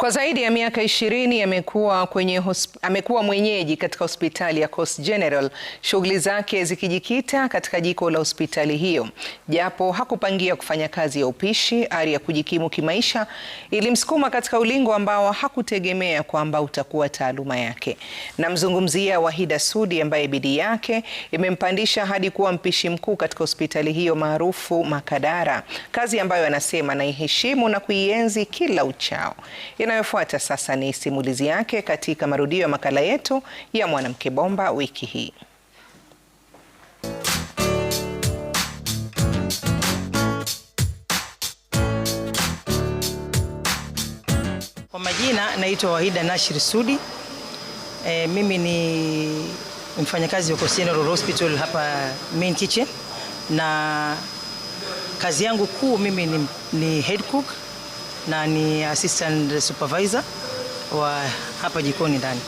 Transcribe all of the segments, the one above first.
Kwa zaidi ya miaka ishirini amekuwa kwenye amekuwa mwenyeji katika hospitali ya Coast General, shughuli zake zikijikita katika jiko la hospitali hiyo. Japo hakupangia kufanya kazi ya upishi, ari ya kujikimu kimaisha ilimsukuma katika ulingo ambao hakutegemea kwamba utakuwa taaluma yake. Namzungumzia Wahida Sudi ambaye bidii yake imempandisha hadi kuwa mpishi mkuu katika hospitali hiyo maarufu Makadara, kazi ambayo anasema naiheshimu na kuienzi kila uchao. Ina Inayofuata sasa ni simulizi yake katika marudio ya makala yetu ya Mwanamke Bomba wiki hii. Kwa majina naitwa Wahida Nashir Sudi. E, mimi ni mfanyakazi wa Hospital hapa Main Kitchen na kazi yangu kuu mimi ni, ni head cook na ni assistant supervisor wa hapa jikoni ndani.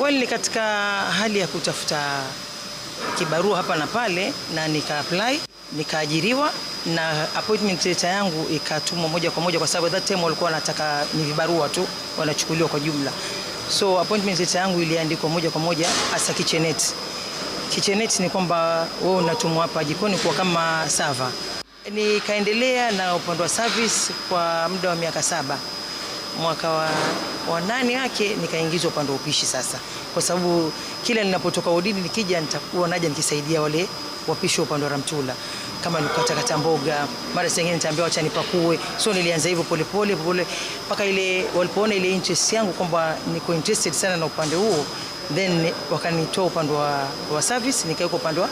Well, katika hali ya kutafuta kibarua hapa na pale, na nika apply nikaajiriwa na appointment letter yangu ikatumwa moja kwa moja, kwa sababu that time walikuwa wanataka ni vibarua tu wanachukuliwa kwa jumla, so appointment letter yangu iliandikwa moja kwa moja as a kitchenette. Chichenet ni kwamba wewe unatumwa hapa jikoni kuwa kama server. Nikaendelea na upande wa service kwa muda wa miaka saba. Mwaka wa, wa nane yake nikaingizwa upande wa upishi sasa, kwa sababu kila ninapotoka udini nikija nitakuwa naja nikisaidia wale wapishi wa upande wa Ramtula kama nikukatakata mboga, mara zingine nitaambia acha nipakue. So nilianza hivyo polepole polepole mpaka ile walipoona ile interest yangu kwamba niko interested sana na upande huo then wakanitoa upande wa, wa service nikaweka upande wa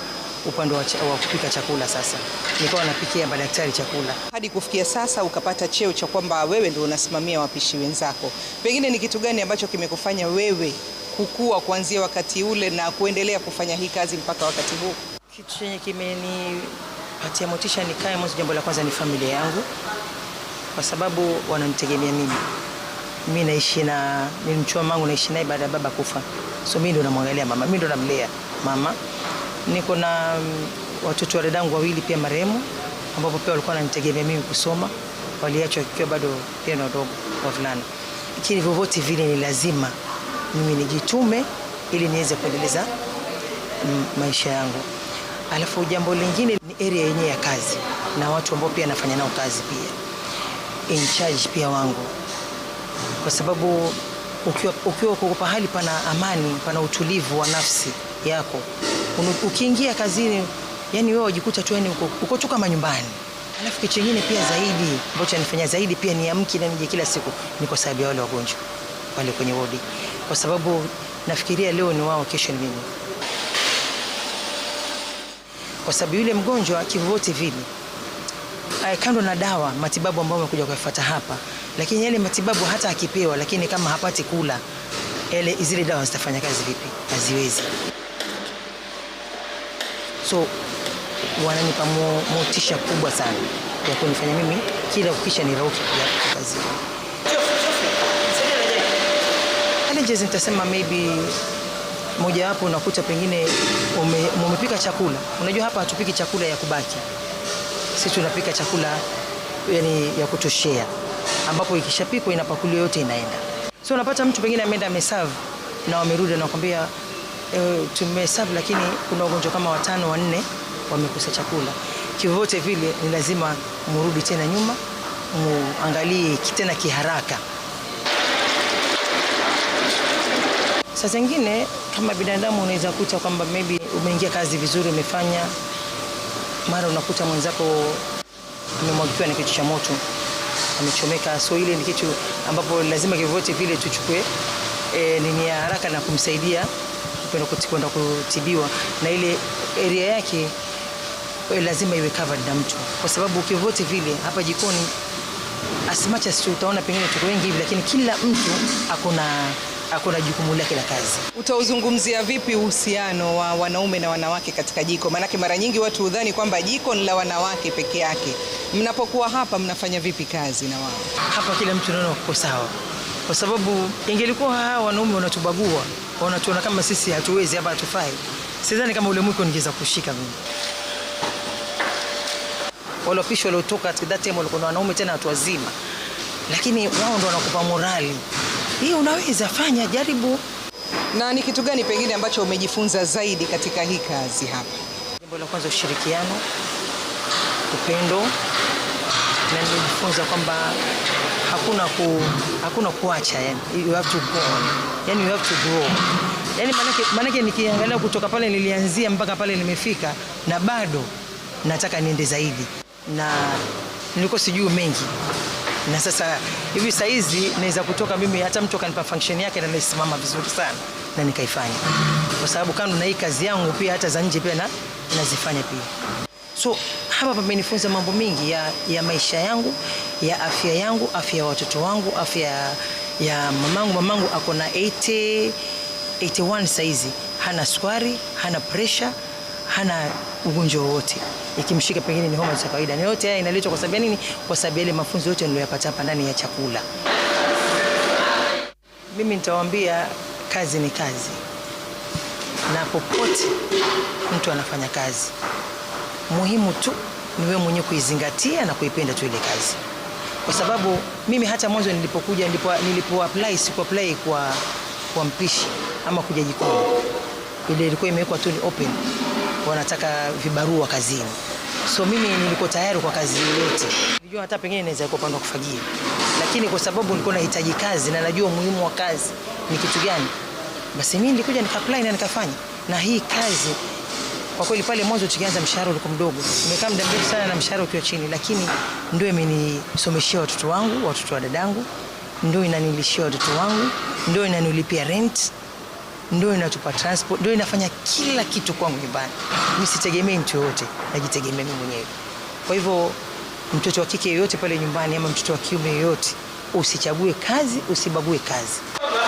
upande wa, wa kupika chakula sasa, nikawa napikia madaktari chakula hadi kufikia sasa ukapata cheo cha kwamba wewe ndio unasimamia wapishi wenzako. Pengine ni kitu gani ambacho kimekufanya wewe kukua kuanzia wakati ule na kuendelea kufanya hii kazi mpaka wakati huu? Kitu chenye kimenipatia motisha nikae mwanzo, jambo la kwanza ni familia yangu, kwa sababu wananitegemea mimi mimi naishi na ni mchoma wangu naishi naye baada ya baba kufa, so mimi ndo namwangalia mama, mimi ndo namlea mama. Niko na mm, watoto wa dadangu wawili pia marehemu, ambapo pia walikuwa wananitegemea mimi kusoma, waliachwa kikiwa bado pia na wadogo wavulana. Lakini vyovyote vile ni lazima mimi nijitume ili niweze kuendeleza mm, maisha yangu. Alafu jambo lingine ni area yenyewe ya kazi na watu ambao pia nafanya nao kazi pia in charge pia wangu kwa sababu ukiwa, ukiwa kwa pahali pana amani, pana utulivu wa nafsi yako, ukiingia kazini, yani wewe wajikuta tu yani uko, uko tu kama nyumbani. Alafu kitu kingine pia zaidi ambacho anifanya zaidi pia niamke na nije kila siku ni kwa sababu ya wale wagonjwa wale kwenye wodi, kwa sababu nafikiria leo ni wao, kesho ni mimi, kwa sababu yule mgonjwa kivyovyote vile kando na dawa matibabu ambayo amekuja kuyafuata hapa lakini yale matibabu hata akipewa, lakini kama hapati kula, ele zile dawa zitafanya kazi vipi? Haziwezi. So wananipa motisha kubwa sana ya kunifanya mimi kila ukisha nirauke kazi. Challenges nitasema maybe moja wapo unakuta pengine umepika chakula. Unajua hapa hatupiki chakula ya kubaki, sisi tunapika chakula yani ya kutoshea ambapo ikishapikwa inapakuliwa yote inaenda. So unapata mtu pengine ameenda ameserve na wamerudi wanakwambia e, eh, tumeserve lakini kuna wagonjwa kama watano wanne wamekosa chakula. Kivyote vile ni lazima murudi tena nyuma muangalie tena kiharaka. Saa zingine kama binadamu unaweza kuta kwamba maybe umeingia kazi vizuri, umefanya, mara unakuta mwenzako umemwagikiwa na kitu cha moto amechomeka. So ile ni kitu ambapo lazima kivyovyote vile tuchukue e, nini ya haraka na kumsaidia kwenda kutibiwa, na ile area yake e, lazima iwe covered na mtu, kwa sababu kivyovyote vile hapa jikoni, as much utaona pengine tuko wengi hivi, lakini kila mtu akona ako na jukumu lake la kazi. Utauzungumzia vipi uhusiano wa wanaume na wanawake katika jiko? Maanake mara nyingi watu hudhani kwamba jiko ni la wanawake peke yake. Mnapokuwa hapa mnafanya vipi kazi na wao? Hapa kila mtu naona uko sawa, kwa sababu ingelikuwa hawa wanaume wanatubagua, wanatuona kama sisi hatuwezi hapa, hatufai, sidhani kama ule mwiko ningeweza kushika mimi wale walopishi waliotoka katika that time walikuwa na wanaume tena watu wazima, lakini wao ndo wanakupa morali hii unaweza fanya, jaribu. Na ni kitu gani pengine ambacho umejifunza zaidi katika hii kazi hapa? Jambo la kwanza, ushirikiano, upendo, na nimejifunza kwamba hakuna ku, hakuna kuacha, yani you have to go on, yani you have to grow. Yani manake, manake nikiangalia kutoka pale nilianzia mpaka pale nimefika, na bado nataka niende zaidi, na nilikuwa sijui mengi na sasa hivi saizi naweza kutoka mimi, hata mtu akanipa function yake na naisimama vizuri sana na nikaifanya, kwa sababu kando na hii kazi yangu pia hata za nje pia na nazifanya pia. So hapa pamenifunza mambo mingi ya, ya maisha yangu ya afya yangu afya ya watoto wangu afya ya mamangu. Mamangu ako na 80 81 saizi, hana sukari hana pressure hana ugonjwa wowote, ikimshika pengine ni homa za kawaida. Na yote haya inaletwa kwa sababu nini? Kwa sababu yale mafunzo yote niliyopata hapa ndani ya chakula. Mimi nitawaambia kazi ni kazi, na popote mtu anafanya kazi, muhimu tu ni wewe mwenyewe kuizingatia na kuipenda tu ile kazi, kwa sababu mimi hata mwanzo nilipokuja, nilipo apply, siku apply kwa kwa mpishi ama kuja jikoni, ile ilikuwa imewekwa tu ni open wanataka vibarua kazini. So mimi niliko tayari kwa kazi yoyote, nijua hata pengine naweza iko upande wa kufagia, lakini kwa sababu nilikuwa nahitaji kazi na najua umuhimu wa kazi ni kitu gani, basi mimi nilikuja nikaapply na nikafanya. Na hii kazi kwa kweli, pale mwanzo tukianza, mshahara ulikuwa mdogo, nimekaa muda mrefu sana na mshahara ukiwa chini, lakini ndio imenisomeshia watoto wangu, watoto wa dadangu, ndio inanilishia watoto wangu, ndio inanilipia rent ndio inatupa transport, ndio inafanya kila kitu kwangu nyumbani. Mimi sitegemei mtu yoyote, najitegemea mimi mwenyewe. Kwa hivyo mtoto wa kike yoyote pale nyumbani ama mtoto wa kiume yoyote, usichague kazi, usibague kazi.